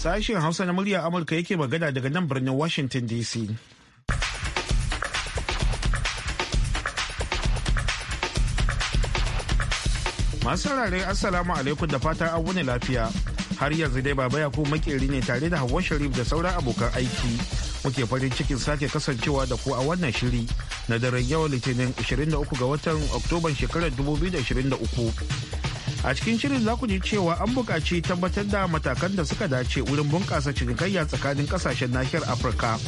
Sashen Hausa na murya Amurka yake magana daga nan birnin Washington DC. Masu sarare Assalamu alaikum da fata an wuni lafiya. Har yanzu dai baba ko makeri ne tare da Hawwa Sharif da sauran abokan aiki. Muke farin cikin sake kasancewa da ku a wannan shiri na daren yau Litinin 23 ga watan Oktoban shekarar 2023. a cikin shirin za ku ji cewa an buƙaci tabbatar da matakan da suka dace wurin bunƙasa cinikayya tsakanin ƙasashen nahiyar afirka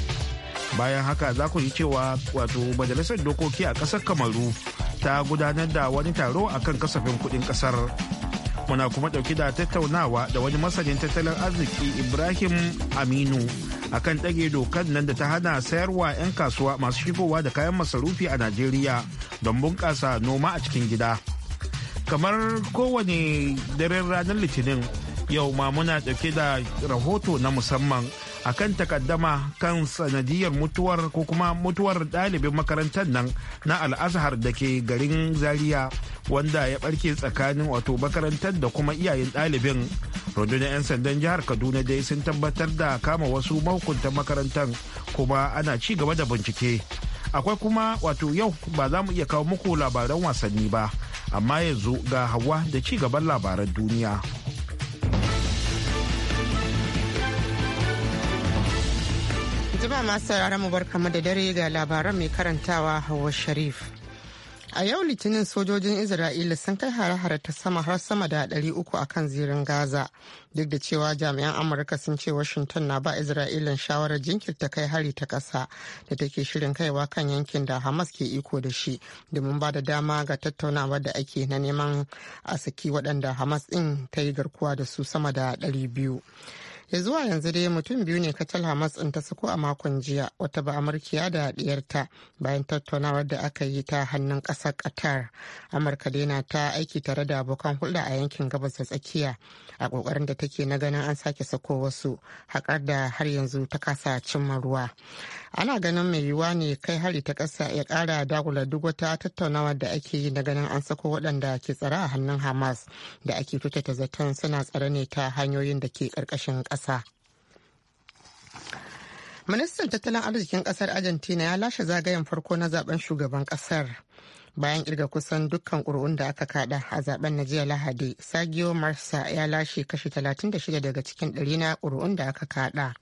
bayan haka za ku ji cewa wato majalisar dokoki a ƙasar kamaru ta gudanar da wani taro a kan kasafin kuɗin ƙasar muna kuma ɗauki da tattaunawa da wani masanin tattalin arziki ibrahim aminu akan ɗage dokar nan da ta hana sayarwa 'yan kasuwa masu shigowa da kayan masarufi a najeriya don bunƙasa noma a cikin gida. kamar kowane daren ranar litinin yau ma muna ɗauke da rahoto na musamman akan takaddama kan sanadiyar mutuwar ko kuma mutuwar ɗalibin makarantar nan na al'azhar da ke garin zaria wanda ya ɓarke tsakanin wato makarantar da kuma iyayen ɗalibin rundunar 'yan sandan jihar kaduna dai sun tabbatar da kama wasu mahukunta makarantar kuma ana ci gaba da bincike akwai kuma wato yau ba za mu iya kawo muku labaran wasanni ba amma yanzu ga hawa da ci gaban labaran duniya. Jima masu sauraron mu barkamu da dare ga labaran mai karantawa Hauwa Sharif. A yau Litinin sojojin Isra'ila sun kai hare-hare ta sama har sama da ɗari uku a kan zirin Gaza, duk da cewa jami'an Amurka sun ce Washington na ba isra'ila shawarar jinkirta kai hari ta ƙasa da take shirin kaiwa kan yankin da Hamas ke iko da shi domin ba da dama ga tattaunawa da ake na neman a saki waɗanda Hamas ɗin ta yi garkuwa da su sama da ɗari biyu. ya zuwa yanzu dai mutum biyu ne kacal hamas in ta sako a makon jiya wata ba amurkiya da diyarta bayan tattaunawar da aka yi ta hannun kasar qatar amurka dai na ta aiki tare da abokan hulɗa a yankin gabas da tsakiya a ƙoƙarin da take na ganin an sake sako wasu haƙar da har yanzu ta kasa cimma ruwa ana ganin mai yiwuwa ne kai hari ta ƙasa ya ƙara dagula duk wata tattaunawar da ake yi na ganin an sako waɗanda ke tsare a hannun hamas da ake tutata zaton suna tsare ne ta hanyoyin da ke ƙarƙashin ƙasa ƙasa. Ministan tattalin arzikin ƙasar Argentina ya lashe zagayen farko na zaben shugaban ƙasar. Bayan kirga kusan dukkan ƙuri'un da aka kada a zaben na jiya Lahadi, Sagio Marsa ya lashe kashi 36 daga cikin ɗari na ƙuri'un da aka kada.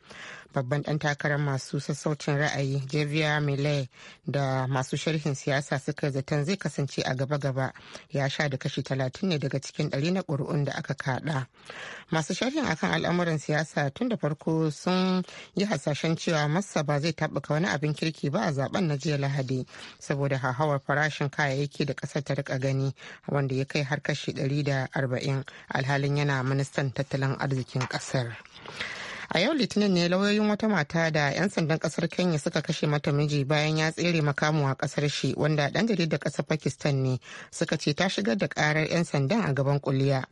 babban ɗan takarar masu sassaucin ra'ayi javier millet da masu sharhin siyasa suka yi zaton zai kasance a gaba-gaba ya sha da kashi talatin ne daga cikin ɗari na ƙuri'un da aka kaɗa masu sharhin akan al'amuran siyasa tun da farko sun yi hasashen cewa masa ba zai taɓuka wani abin kirki ba a zaben na jiya lahadi saboda hauhawar farashin kayayyaki da ƙasar ta rika gani wanda ya kai har kashi ɗari da arba'in alhalin yana ministan tattalin arzikin ƙasar. a yau litinin ne lauyoyin wata mata da 'yan sandan kasar kenya suka kashe mata miji bayan ya tsere makamu a kasar shi wanda dan jaridar kasar pakistan ne suka ce ta shigar da karar 'yan sandan a gaban kuliya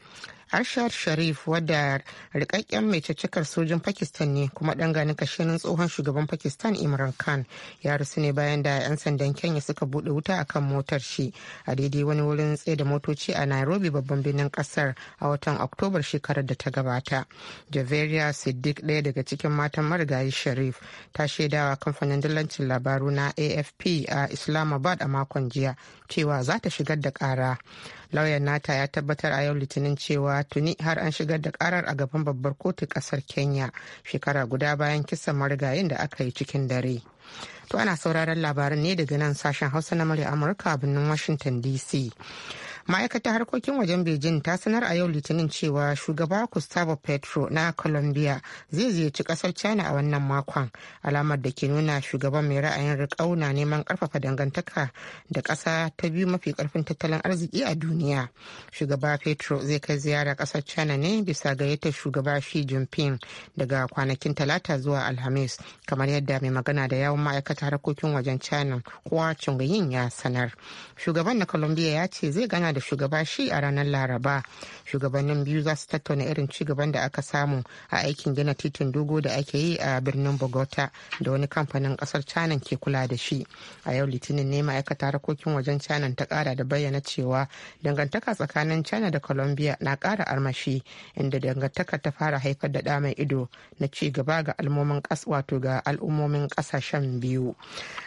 arshad sharif wadda rikakken mai caccakar sojin pakistan ne kuma dan ganin kashenin tsohon shugaban pakistan imran khan ya rasu ne bayan da 'yan sandan kenya suka bude wuta akan motar shi a daidai wani wurin tsaye da motoci a nairobi babban birnin kasar a watan oktobar shekarar da ta gabata javeria siddiq ɗaya daga cikin matan marigayi sharif ta shaidawa kamfanin dillancin labaru na afp a islamabad a makon jiya cewa za ta shigar da ƙara. lauyan nata ya tabbatar a yau litinin cewa tuni har an shigar da karar a gaban babbar kotu kasar kenya shekara guda bayan kisan marigayen da aka yi cikin dare to ana sauraron labaran ne daga nan sashen hausa na murya amurka a birnin washington dc ma'aikatar harkokin wajen beijing ta sanar a yau litinin cewa shugaba gustavo petro na colombia zai ziyarci kasar china a wannan makon alamar da ke nuna shugaban mai ra'ayin riƙau na neman karfafa dangantaka da ƙasa ta biyu mafi ƙarfin tattalin arziki a duniya shugaba petro zai kai ziyara ƙasar china ne bisa gayyatar shugaba shi jinping daga kwanakin talata zuwa alhamis kamar yadda mai magana da yawon ma'aikatar harkokin wajen china kuwa chungayin ya sanar shugaban na colombia ya ce zai gana da da shugaba shi a ranar laraba shugabannin biyu za su tattauna irin ci gaban da aka samu a aikin gina titin dogo da ake yi a birnin bogota da wani kamfanin kasar china ke kula da shi a yau litinin ne ma'aikata harkokin wajen china ta kara da bayyana cewa dangantaka tsakanin china da colombia na kara armashi inda dangantaka ta fara haifar da damar ido na ci gaba ga al'ummomin wato ga al'ummomin kasashen biyu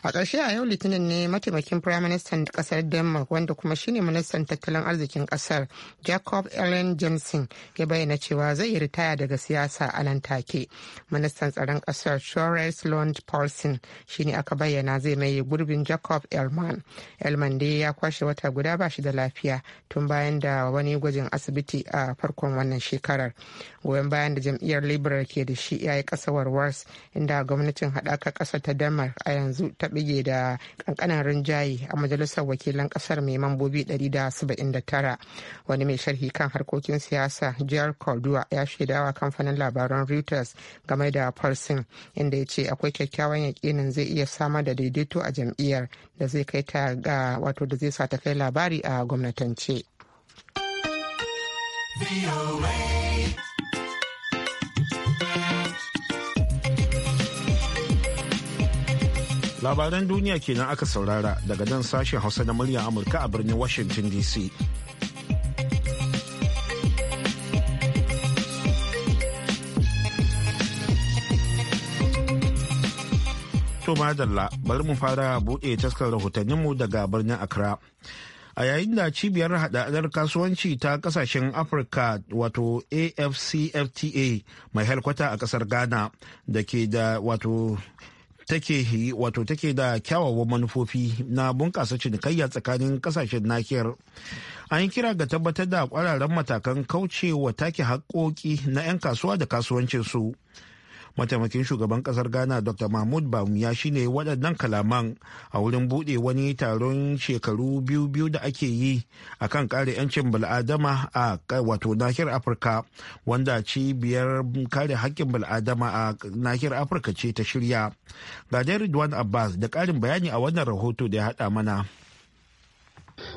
a ƙarshe a yau litinin ne mataimakin firaministan ƙasar denmark wanda kuma shine ministan tattalin arzikin kasar jacob ellen jensen ya bayyana cewa zai yi ritaya daga siyasa a nan take ministan tsaron kasar shores lund paulson shine aka bayyana zai mai gurbin jacob elman elman dai ya kwashe wata guda ba shi da lafiya tun bayan da wani gwajin asibiti a farkon wannan shekarar goyon bayan da jam'iyyar liberal ke da shi ya yi kasawar wars inda gwamnatin haɗaka kasa ta denmark a yanzu ta bige da kankanan rinjaye a majalisar wakilan ƙasar mai mambobi 170 79 wani mai sharhi kan harkokin siyasa jihar cordua ya shaidawa kamfanin labaran reuters game da farsin inda ya ce akwai kyakkyawan yakinin zai iya samar da daidaito a jam'iyyar da zai kai ta ga wato da zai sa ta kai labari a gwamnatance. labaran duniya kenan aka saurara daga nan sashen hausa na murya amurka a birnin washington dc to madalla bari mu fara buɗe taskar rahotanninmu daga birnin accra a yayin da cibiyar hadadar kasuwanci ta kasashen afirka wato afcfta mai halkwata a kasar ghana da ke da wato take wato take da kyawawan manufofi na bunƙasa cinikayya tsakanin ƙasashen nakiyar an yi kira ga tabbatar da kwararren matakan kaucewa take haƙoƙi na 'yan kasuwa da kasuwancinsu mataimakin shugaban kasar ghana dr mahmud bamiya shine waɗannan kalaman a wurin buɗe wani taron shekaru biyu biyu da ake yi a kan kare 'yancin bal'adama a wato nahiyar afirka wanda cibiyar kare haƙƙin bal'adama a nahiyar afirka ce ta shirya ga ridwan abbas da ƙarin bayani a wannan rahoto da ya haɗa mana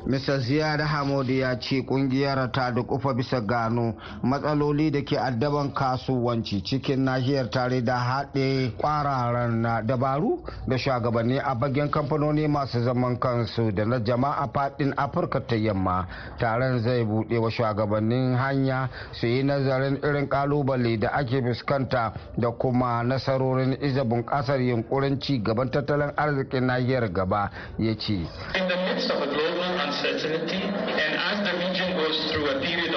Mr. Ziyar Hamodu ya ce kungiyar ta kufa bisa gano matsaloli da ke addaban kasuwanci cikin nahiyar tare da haɗe kwararan dabaru da shugabanni a bagen kamfanoni masu zaman kansu da na jama'a faɗin Afirka ta yamma. Taron zai buɗe wa shugabannin hanya su yi nazarin irin ƙalubale da ake fuskanta da kuma nasarorin iza bunƙasar yunkurin ci gaban tattalin arzikin nahiyar gaba ya ce. And as the region goes through a period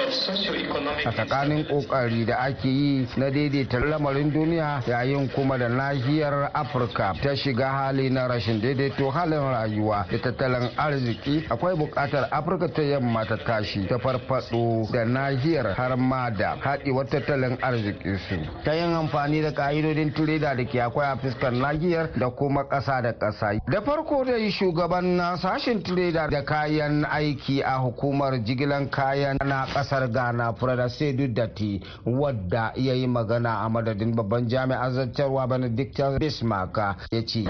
a tsakanin kokari da ake yi na daidaita lamarin duniya yayin kuma da nahiyar afirka ta shiga hali na rashin daidaito halin rayuwa da tattalin arziki akwai bukatar afirka ta yamma ta tashi ta farfado da nahiyar har ma da haɗewar tattalin arziki su ta yin amfani da ka'idodin tireda da ke akwai a fuskar nahiyar da kuma ƙasa da ƙasa da farko dai shugaban sashen tireda da kayan aiki a hukumar jigilan kayan na ƙasar ghana sedu datti wadda ya yi magana a madadin babban jami'an zartarwa benedictus bismarck ya ce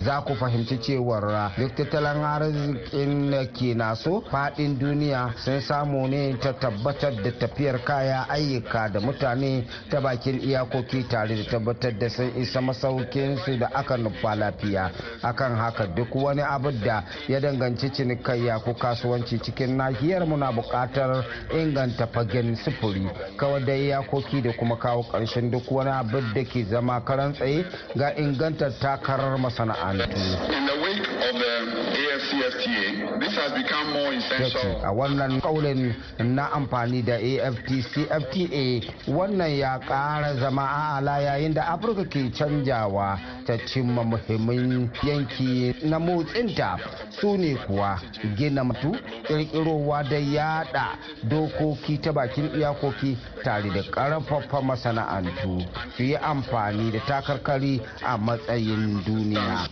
za ku fahimci cewar duk ah, tattalin arzikin da ke naso faɗin duniya sun samu ne ta tabbatar da tafiyar kaya ayyuka da mutane ta bakin iyakoki tare da tabbatar da sun isa masaukin su da aka nufa lafiya akan haka duk wani abu da ya danganci cinikayya ko kasuwanci cikin nahiyar muna buƙatar inganta fagen sufuri kawai da iyakoki da kuma kawo ƙarshen duk wani abu da ke zama karan tsaye ga inganta takarar masana'a and to. In the wake of the yace a wannan kaulin na amfani da aftc fta wannan ya kara zama a ala yayin da Afirka ke canjawa ta cimma muhimmin yanki na motsinta su ne kuwa gina mutu ƙirƙirowa da yada dokoki ta bakin iyakoki tare da ƙarfafa masana'antu su yi amfani da takarkari a matsayin duniya.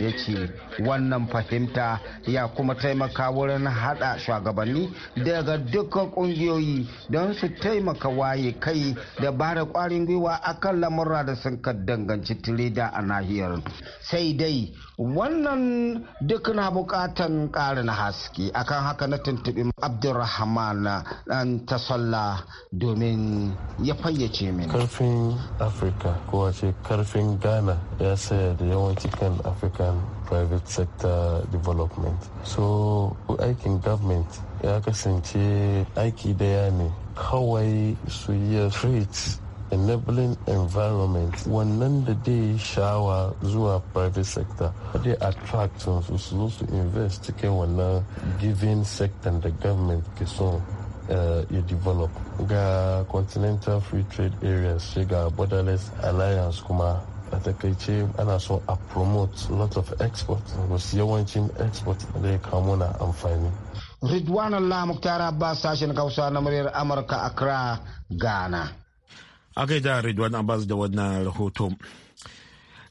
ya ce wannan fahimta ya kuma taimaka wurin hada shugabanni daga dukkan kungiyoyi don su taimaka waye kai da ba da kwarin gwiwa akan lamurra da sun ka danganci tireda a nahiyar sai dai wannan duk na bukatan karin haske akan haka na tuntuɓi abdulrahman dan tasalla domin ya fayyace mini karfin afirka ko ce karfin ghana ya saya da yawanci kan afirka private sector development so aikin government ya kasance aiki daya ne kawai su yi streets enabling environment wannan da dai shawa zuwa private sector dai attract su su su invest cikin wannan given sector da government ke son uh, ya develop ga continental free trade areas ga borderless alliance kuma a takaice ana so a promote lot of export wasu yawancin export zai kamo na amfani ridwan allah muktar abbas sashen hausa na muryar amurka accra ghana a gaida ridwan abbas da wannan rahoton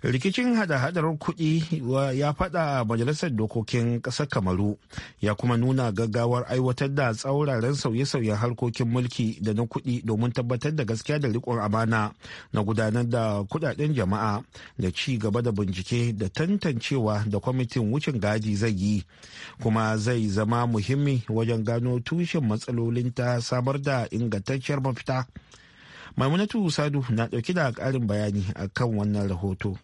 rikicin hada-hadar kuɗi ya faɗa a majalisar dokokin ƙasar kamaru ya kuma nuna gaggawar aiwatar da tsauraran sauye-sauyen harkokin mulki da na kuɗi domin tabbatar da gaskiya da riƙon amana na gudanar da kuɗaɗen jama'a da ci gaba da bincike da tantancewa da kwamitin wucin gadi zai yi kuma zai zama muhimmi wajen gano tushen matsalolin ta samar da ingantacciyar mafita maimunatu sadu na ɗauki da ƙarin bayani akan wannan rahoto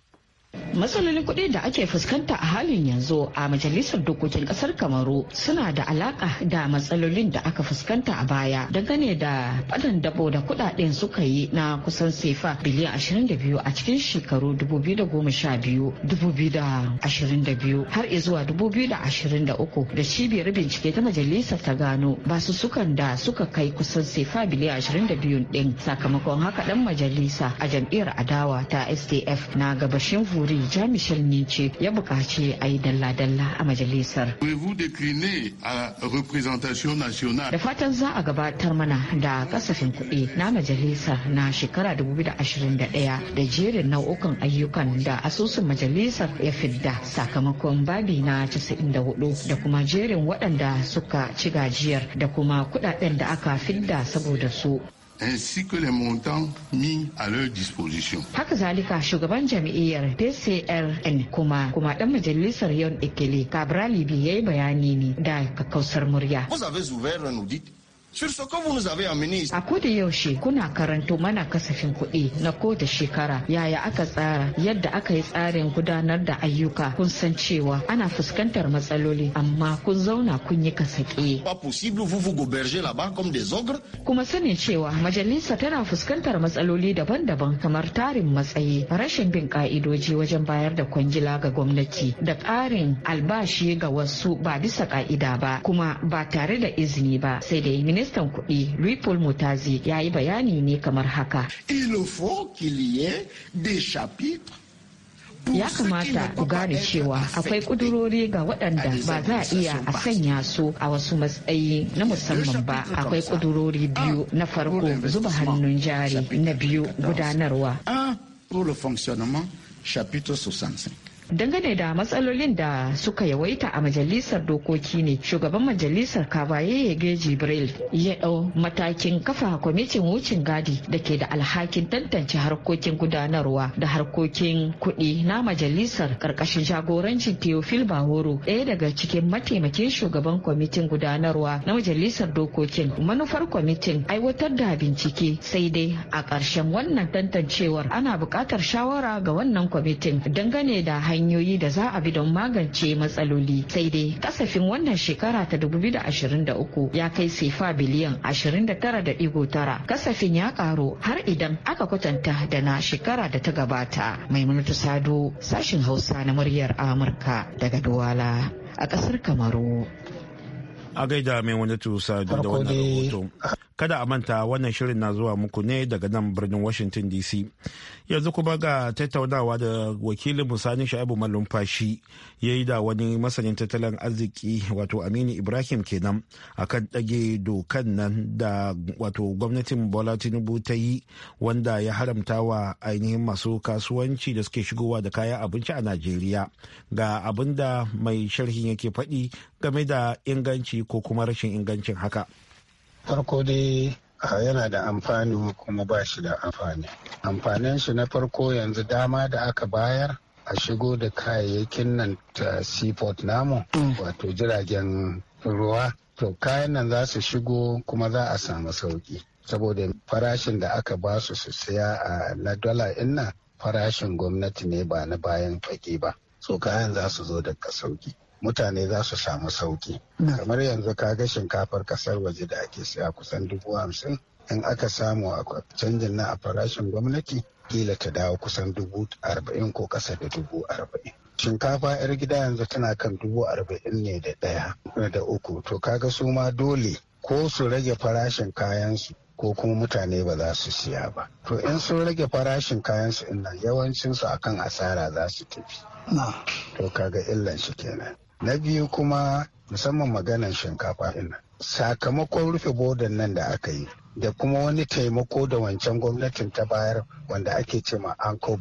matsalolin kuɗi da ake fuskanta a halin yanzu a majalisar dokokin ƙasar kamaru suna da alaƙa da matsalolin da aka fuskanta a baya dangane da faɗan dabo da kuɗaɗen suka yi na kusan sefa biliyan 22 a cikin shekaru 2012-2022 har zuwa 2023 da cibiyar bincike ta majalisar ta gano basu sukan da suka kai kusan sefa biliyan 22 ɗin sakamakon haka ɗan majalisa a jam'iyyar adawa ta stf na gabashin vuri Abuja Michel ce ya buƙaci a yi dalla-dalla a majalisar. Da fatan za a gabatar mana da kasafin kuɗi na majalisar na shekara 2021 da jerin nau'ukan ayyukan da asusun majalisar ya fidda sakamakon babi na 94 da kuma jerin waɗanda suka ci gajiyar da kuma kuɗaɗen da aka fidda saboda su. ainsi que les montants mis à leur disposition. Haka zalika shugaban jam'iyyar PCRN kuma kuma dan majalisar Yon Ekele bi yayi bayani ne da kakkausar murya. Vous avez ouvert un audit A koda yaushe kuna karanto mana kasafin kuɗi na da shekara yaya aka tsara yadda aka yi tsarin gudanar da ayyuka kun san cewa ana fuskantar matsaloli amma kun zauna kun yi kasake. Kuma sanin cewa majalisa tana fuskantar matsaloli daban-daban kamar tarin matsayi rashin bin ka'idoji wajen bayar da kwangila ga gwamnati da ƙarin albashi ga wasu ba bisa ka'ida ba kuma ba tare da izini ba sai dai ministan kuɗi louis paul mutazi ya yi bayani ne kamar haka ya kamata ku gane cewa akwai kudurori ga waɗanda ba za a iya a sanya su a wasu matsayi na musamman ba akwai kudurori biyu na farko zuba hannun jari na biyu gudanarwa dangane da matsalolin da suka yawaita a majalisar dokoki ne shugaban majalisar kabaye yage jibril ya dau matakin kafa kwamitin wucin gadi da ke da alhakin tantance harkokin gudanarwa da harkokin kuɗi na majalisar karkashin jagorancin teofil bahoro ɗaya daga cikin mataimakin shugaban kwamitin gudanarwa na majalisar dokokin manufar kwamitin aiwatar da bincike sai dai a ƙarshen wannan tantancewar ana buƙatar shawara ga wannan kwamitin dangane da hanyoyi da za a bi don magance matsaloli sai dai kasafin wannan shekara ta 2023 ya kai sefa biliyan 29.9 kasafin ya karo har idan aka kwatanta da na shekara da ta gabata mai sado sashin hausa na muryar amurka daga duwala a kasar kamaru a gaida mai wani tusa da wannan rahoton kada a manta wannan shirin na zuwa muku ne daga nan birnin washington dc yanzu kuma ga tattaunawa da wakilin musani sha'ibu malumfashi ya yi da wani masanin tattalin arziki wato aminu ibrahim kenan akan ɗage dokan nan da wato gwamnatin bola tinubu ta yi wanda ya haramta wa ainihin masu kasuwanci da suke shigowa da kayan abinci a najeriya ga abin da mai sharhin yake faɗi game da inganci ko kuma rashin ingancin haka. farko dai yana da amfani kuma ba shi da amfani amfanin shi na farko yanzu dama da aka bayar a shigo da kayayyakin nan ta seaport namu mm. wato jiragen ruwa to kayan nan za su shigo kuma za a samu sauki saboda farashin da aka ba su su siya a na dala inna farashin gwamnati ne ba na bayan fage ba so kayan za su zo da sauki mutane za su samu sauki kamar yanzu kaga shinkafar kasar waje da ake siya kusan dubu hamsin in aka samu a canjin na a farashin gwamnati kila ta dawo kusan dubu arba'in ko kasa da dubu arba'in shinkafa yar gida yanzu tana kan dubu arba'in ne da ɗaya da uku to kaga su ma dole ko su rage farashin kayansu ko kuma mutane ba za su siya ba to in sun rage farashin kayansu ina yawancinsu akan asara za su tafi to kaga illan shi kenan na biyu kuma musamman maganan shinkafa ina sakamakon rufe bodan nan da aka yi da kuma wani taimako da wancan gwamnatin ta bayar wanda ake ce ma anko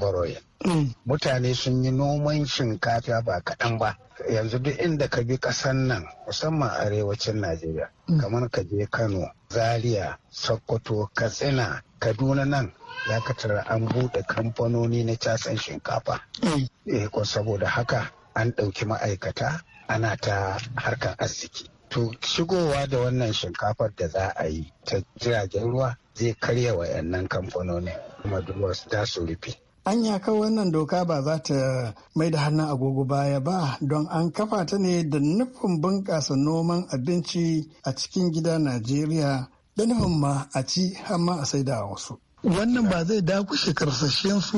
mm. mutane sun yi noman shinkafa ba kaɗan ba yanzu duk inda ka bi ƙasan nan musamman arewacin najeriya mm. kamar ka je kano zaria sokoto katsina kaduna nan ya katara an buɗe kamfanoni na casan shinkafa mm. eh saboda haka an ɗauki ma'aikata ana ta harkar arziki. To shigowa da wannan shinkafar da za a yi ta jiragen ruwa zai karya wa 'yannan kamfanonin kuma duwas za su rufe. An yaka wannan doka ba za ta mai da hannun agogo baya ba don an kafa ta ne da nufin bunƙasa noman abinci a cikin gida Najeriya da nufin ma a ci har ma a saida wasu. Wannan ba zai dakushe karsashen su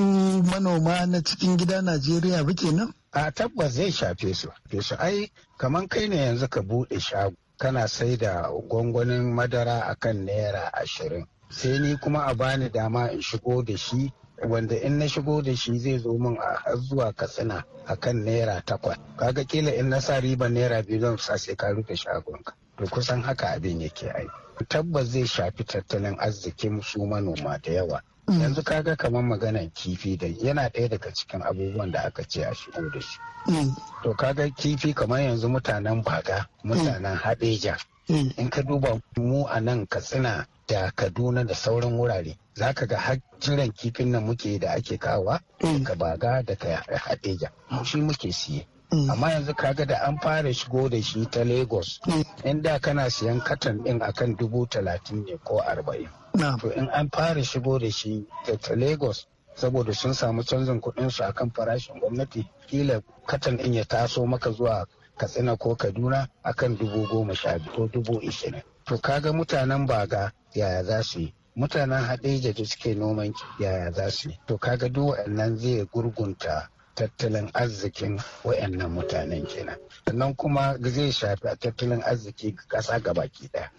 manoma na cikin gida Najeriya ba kenan? a tabbas zai shafe su su ai kaman kai ne yanzu ka buɗe shago kana sai da gwangwanin madara akan naira ashirin sai ni kuma a bani dama in shigo da shi wanda in na shigo da shi zai zo min a har zuwa katsina a kan naira takwas kaga kila in na sa riba naira biyu zan sa sai ka rufe shagonka to kusan haka abin yake ai tabbas zai shafi tattalin arzikin su manoma da yawa yanzu kaga kamar maganan kifi da yana ɗaya daga cikin abubuwan da aka ce a shigo da shi mm. to kaga kifi kamar yanzu mutanen baga mm. mutanen haɗeja mm. in ka duba mu a nan katsina da kaduna da sauran wurare za ka ga har jiran kifin nan muke da ake kawa daga baga daga haɗeja shi muke siye amma yanzu kaga da an fara shigo da shi ta lagos inda kana siyan katon ɗin akan dubu talatin ne ko arba'in na abu in an fara shigo da shi ta lagos saboda sun samu canjin kuɗin su akan farashin gwamnati kila katan in ya taso maka zuwa katsina ko kaduna akan dubu goma sha biyu ko dubu ishirin to kaga mutanen baga yaya za su yi mutanen Hadeja da suke noman yaya za su yi to kaga duk waɗannan zai gurgunta tattalin arzikin waɗannan mutanen kenan sannan kuma zai shafi tattalin arziki ƙasa gabaki ɗaya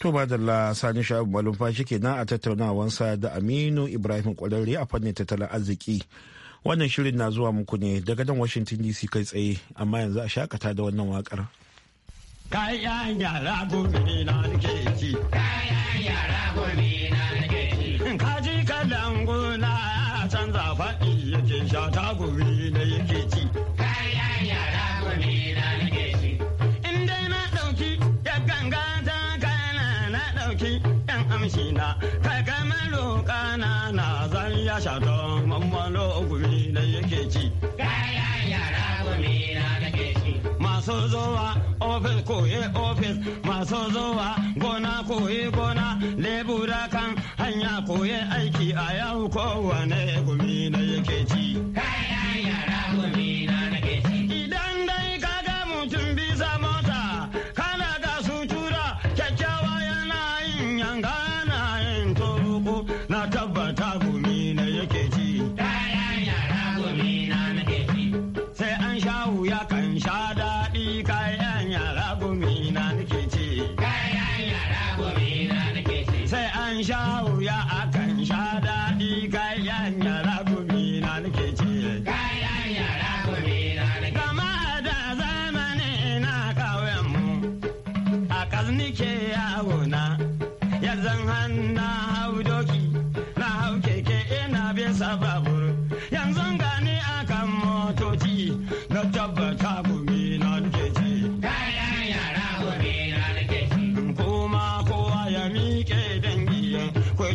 To madalla sani sha'abu malumfashi kenan a tattaunawansa da Aminu Ibrahim Kwararre a fannin tattalin arziki. Wannan shirin na zuwa muku ne daga nan Washington DC kai tsaye amma yanzu a shakata da wannan wakar. Kayan yara gobe na nake ci. Kayan yara gobe na nake ci. canza faɗi yake sha na amshi na kana na zan ya don mammalo gumi yake ci kaya yara gumi na kake ci masu zuwa ofis koye ofis masu zuwa gona koye gona lebura kan hanya koye aiki a yau kowane gumi na yake ci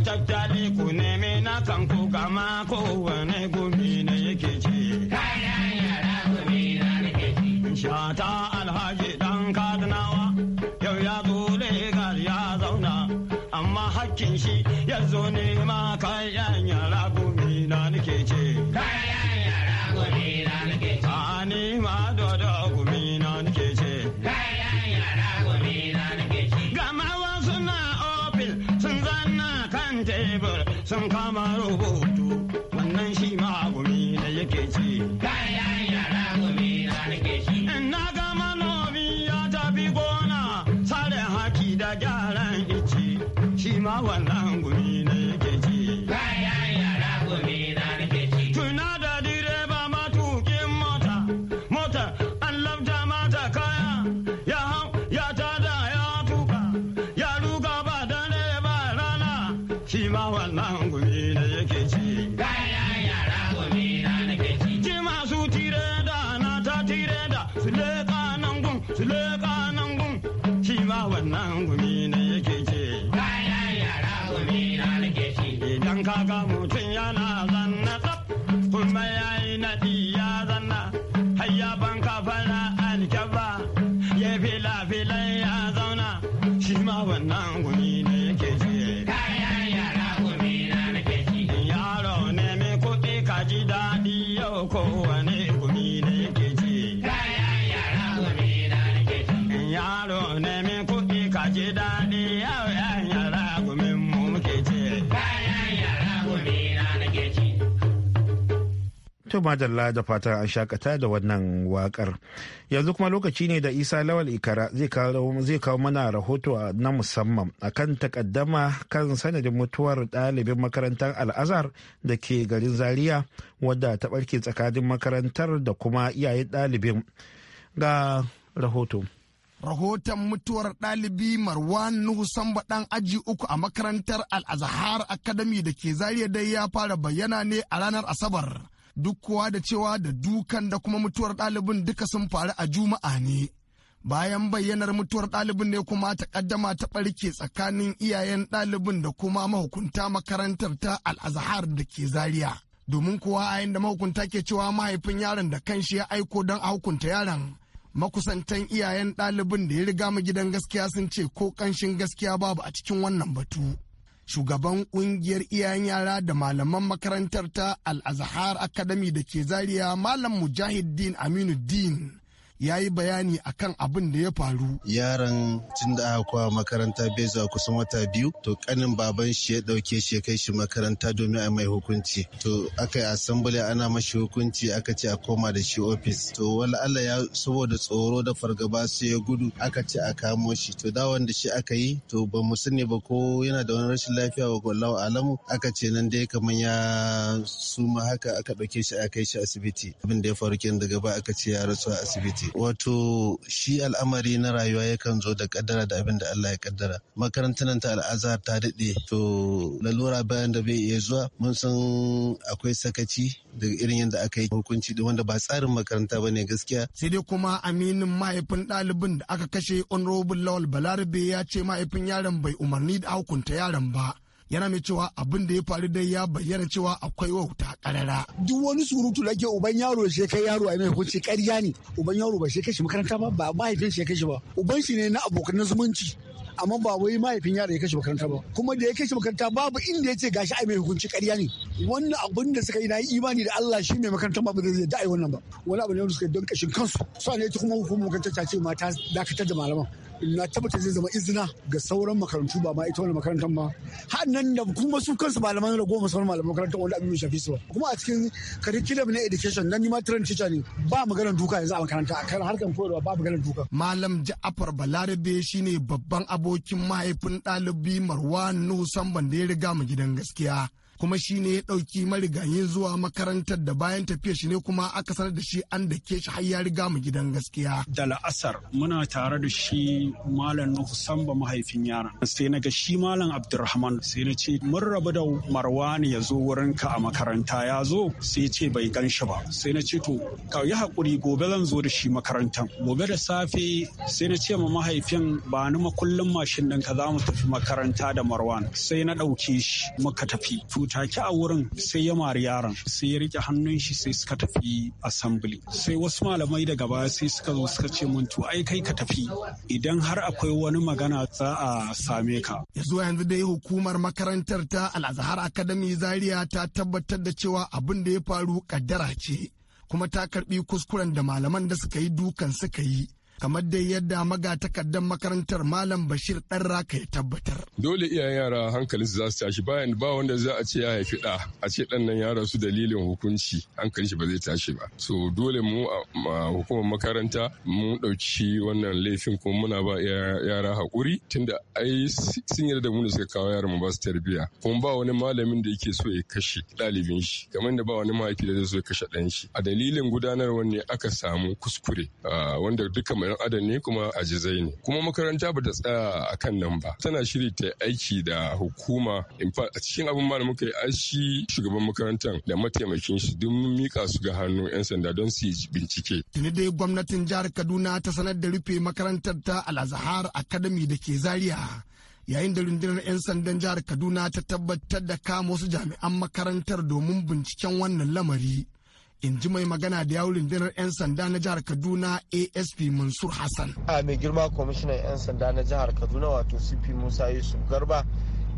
tattali ku neme na kan ku kama kowane gumi na yake ce. Kayan yara gumi Shata alhaji dan kadanawa yau ya zo Legas ya zauna amma hakkin shi ya zo nema kayan Now and now. to madalla da fatan an shakata da wannan wakar yanzu kuma lokaci ne da isa lawal ikara zai kawo mana rahoto na musamman akan takaddama kan sanadin mutuwar ɗalibin makarantar al'azar da ke garin zaria wadda ta ɓarke tsakanin makarantar da kuma iyayen ɗalibin ga rahoto rahoton mutuwar ɗalibi Marwan Nuhu baɗan ɗan aji uku a makarantar Al-Azhar Academy da ke zariya dai ya fara bayyana ne a ranar Asabar. duk kowa da cewa da dukan da kuma mutuwar ɗalibin duka sun faru a juma'a ne bayan bayyanar mutuwar ɗalibin ne kuma ta ƙaddama ta ɓarke tsakanin iyayen ɗalibin da kuma mahukunta makarantar ta Al-Azhar da ke zaria domin kuwa a da mahukunta ke cewa mahaifin yaron da kan shi ya aiko don a hukunta yaron makusantan iyayen ɗalibin da ya riga mu gidan gaskiya sun ce ko ƙanshin gaskiya babu a cikin wannan batu shugaban kungiyar iyayen yara da malaman makarantar ta al-azhar academy da ke zaria malam Aminu aminuddin ya yi bayani a kan abin da ya faru. Yaran tun da aka kowa makaranta bai zuwa kusan wata biyu to kanin baban shi ya ɗauke shi ya kai shi makaranta domin a mai hukunci. To aka yi assembly ana mashi hukunci aka ce a koma da shi ofis. To wala Allah ya saboda tsoro da fargaba sai ya gudu aka ce a kamo shi. To da wanda shi aka yi to ba mu sani ba ko yana da wani rashin lafiya wa alamu aka ce nan dai kamar ya suma haka aka ɗauke shi a kai shi asibiti. Abin da ya faru kenan daga ba aka ce ya rasu a asibiti. ce wato shi al'amari na rayuwa yakan zo da kaddara da abin da Allah ya kaddara makarantar ta al'azhar ta dade. to lalura bayan da bai iya zuwa mun san akwai sakaci daga irin yadda aka yi hukunci da wanda ba tsarin makaranta ba ne gaskiya sai dai kuma aminin mahaifin ɗalibin da aka kashe honorable lawal balarabe ya ce mahaifin yaron bai umarni da hukunta yaron ba yana mai cewa abin da ya faru dai ya bayyana cewa akwai wauta karara duk wani surutu da ke uban yaro shi kai yaro a mai hukunci kariya ne uban yaro ba shi kai shi makaranta ba ba mahaifin shi kai shi ba uban shi ne na abokan zumunci amma ba wai mahaifin yaro ya kashe makaranta ba kuma da ya kashe makaranta babu inda ya ce gashi ai mai hukunci ƙarya ne wannan abun da suka yi na imani da Allah shi mai makaranta ba zai da wannan ba wani abu ne wanda suka don kashin kansu sai ne ta kuma hukumar makaranta ta ce ma ta dakatar da malaman na tabbata zai zama izina ga sauran makarantu ba ma ita wani makarantar ma har nan da kuma su kansu malaman da goma sauran malaman makarantar wanda abin shafi su kuma a cikin curriculum na education nan ni ma teacher ne ba maganar duka yanzu a makaranta a kan harkar koyarwa ba maganar duka malam Ja'far Balarabe shine babban abokin mahaifin ɗalibi Marwan nusan da ya riga mu gidan gaskiya kuma shi ne ya ɗauki marigayi zuwa makarantar da bayan tafiyar shi ne kuma aka sanar da shi an da ke shi har ya riga mu gidan gaskiya. Da la'asar muna tare da shi malam Nuhu Samba mahaifin yara Sai na ga shi malam Abdulrahman sai na ce mun rabu da Marwani ya zo wurin ka a makaranta ya zo sai ce bai gan shi ba. Sai na ce to ka yi haƙuri gobe zan zo da shi makarantan. Gobe da safe sai na ce ma mahaifin ba ni kullum mashin ɗinka za mu tafi makaranta da Marwan. Sai na ɗauke shi muka tafi. take a wurin sai ya mari yaron sai ya rike hannun shi sai suka tafi assembly sai wasu malamai daga baya sai suka zo suka ce mun to ai kai ka tafi idan har akwai wani magana za a same ka ya yanzu dai hukumar makarantar ta al-azhar academy zaria ta tabbatar da cewa abin da ya faru kaddara ce kuma ta karbi kuskuren da malaman da suka yi dukan suka yi kamar dai yadda maga takardar makarantar malam bashir dan raka ya tabbatar dole iyayen yara hankali su za su tashi bayan ba wanda za a ce ya haifi da a ce dan nan ya rasu dalilin hukunci hankali shi ba zai tashi ba so dole mu a hukumar makaranta mu dauki wannan laifin kuma muna ba yara hakuri tunda ai sun yarda mu da suka kawo yaran mu ba su tarbiya kuma ba wani malamin da yake so ya kashe dalibin shi kamar da ba wani mahaifi da zai so ya kashe dan shi a dalilin gudanarwar ne aka samu kuskure ah, wanda duka kamar adam ne kuma ajizai ne kuma makaranta ba ta tsaya a kan nan ba tana shiri ta aiki da hukuma in fa a cikin abin ma da muka an shi shugaban makarantar da mataimakin shi don mika su ga hannu yan sanda don su yi bincike tuni dai gwamnatin jihar kaduna ta sanar da rufe makarantar ta alazahar academy da ke zaria yayin da rundunar 'yan sandan jihar kaduna ta tabbatar da kama wasu jami'an makarantar domin binciken wannan lamari in ji mai magana da yawun rundunar 'yan sanda na jihar kaduna asp mansur hassan a mai girma kwamishinan 'yan sanda na jihar kaduna wato cp musa yusuf garba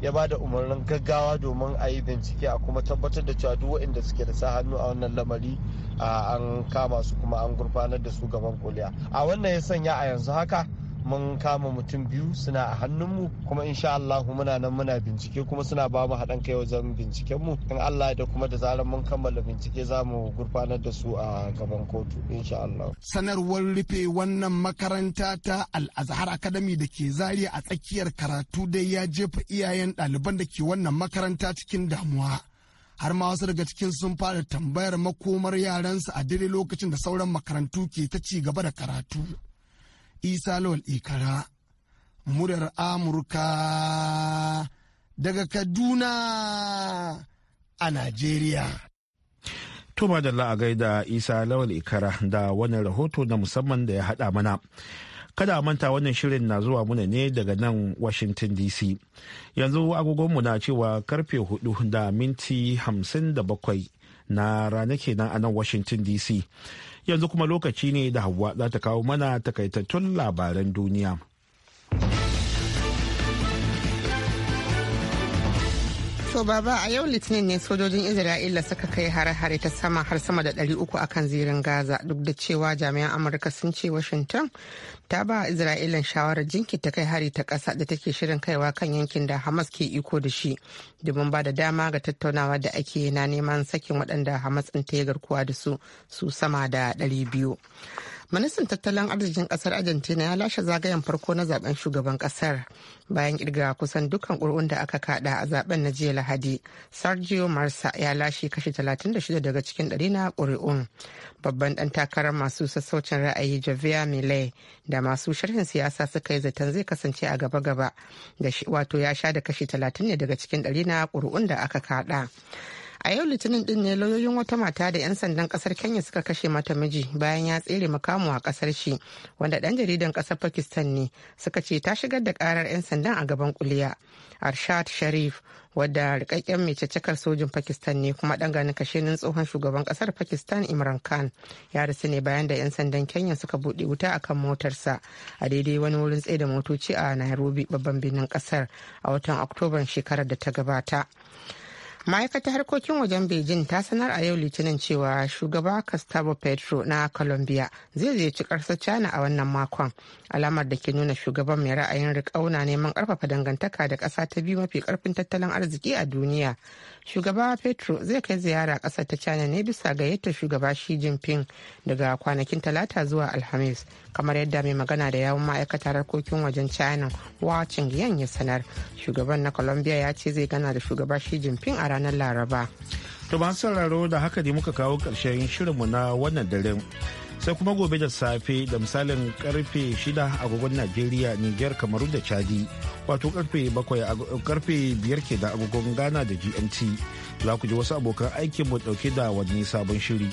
ya ba da umarnin gaggawa domin a yi bincike a kuma tabbatar da cewa duk waɗanda suke da sa hannu a wannan lamari an kama su kuma an gurfanar da su gaban koliya a wannan ya sanya a yanzu haka mun kama mutum biyu suna a hannunmu kuma insha Allah muna nan muna bincike kuma suna ba mu haɗin kai wajen binciken mu in Allah da kuma da zarar mun kammala bincike za mu gurfanar da su a gaban kotu insha Allah sanarwar rufe wannan makaranta ta Al-Azhar Academy da ke Zaria a tsakiyar karatu dai ya jefa iyayen ɗaliban da ke wannan makaranta cikin damuwa har ma wasu daga cikin sun fara tambayar makomar yaransu a dare lokacin da sauran makarantu ke ta ci gaba da karatu. isa lawal ikara murar amurka daga kaduna a najeriya Tuma da la'agai da Isa Lawal Ikara da wani rahoto na musamman da ya haɗa mana. Kada a manta wannan shirin na zuwa muna ne daga nan Washington DC. Yanzu agogonmu na cewa karfe hudu da minti hamsin da bakwai na rana kenan a nan Washington DC. Yanzu kuma lokaci ne da Hauwa za ta kawo mana takaitattun labaran duniya. To baba a yau litinin ne sojojin Isra'ila suka kai hare-hare ta sama har sama da 300 akan zirin Gaza duk da cewa jami'an Amurka sun ce Washington ta ba Isra'ilan shawarar jinki ta kai hari ta ƙasa da take shirin kaiwa kan yankin da Hamas ke iko da shi domin ba da dama ga tattaunawa da ake na neman sakin waɗanda Hamas in ta yi garkuwa da su su sama da 200. ministan tattalin arzikin kasar argentina ya lashe zagayen farko na zaben shugaban kasar bayan kirga kusan dukkan ƙuri'un da aka kada a zaben na jiya lahadi sergio marsa ya lashe kashi 36 daga cikin 100 na ƙuri'un babban dan takarar masu sassaucin ra'ayi javier milei da masu sharhin siyasa suka yi zaton zai kasance a gaba-gaba da wato ya sha da kashi 30 ne daga cikin 100 na ƙuri'un da aka kada a yau litinin din ne lauyoyin wata mata da 'yan sandan kasar kenya suka kashe mata miji bayan ya tsere makamu a kasar shi wanda dan jaridan kasar pakistan ne suka ce ta shigar da karar 'yan sandan a gaban kuliya arshad sharif wadda rikakken mai sojin pakistan ne kuma dan ganin nin tsohon shugaban kasar pakistan imran khan ya rasu ne bayan da 'yan sandan kenya suka buɗe wuta akan motarsa a daidai wani wurin tsaye da motoci a nairobi babban birnin kasar a watan oktoban shekarar da ta gabata ma'aikatar harkokin wajen beijing ta sanar a yau litinin cewa shugaba gustavo petro na colombia zai ziyarci karsar china a wannan makon alamar da ke nuna shugaban mai ra'ayin riƙauna neman karfafa dangantaka da kasa ta biyu mafi karfin tattalin arziki a duniya shugaba petro zai kai ziyara ƙasar ta china ne bisa ga yadda shugaba shi jinping daga kwanakin talata zuwa alhamis kamar yadda mai magana da yawun ma'aikata harkokin wajen china wa yan ya sanar shugaban na colombia ya ce zai gana da shugaba shi jinping a ranar laraba to masu sauraro da haka ne muka kawo ƙarshen shirinmu na wannan daren sai kuma gobe da safe da misalin karfe 6 agogon najeriya niger kamaru da chadi wato karfe 7 ke da agogon ghana da gmt za ku ji wasu abokan aikin mu dauke da wani sabon shiri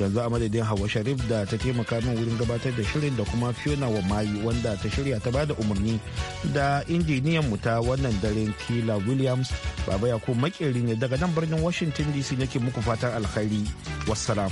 yanzu a madadin hawa sharif da ta taimaka min wurin gabatar da shirin da kuma fiona wa mayi wanda ta shirya ta bada umarni da injiniyan mu ta wannan daren kila williams baba ya ko makeri ne daga nan birnin washington dc nake muku fatan alkhairi wassalam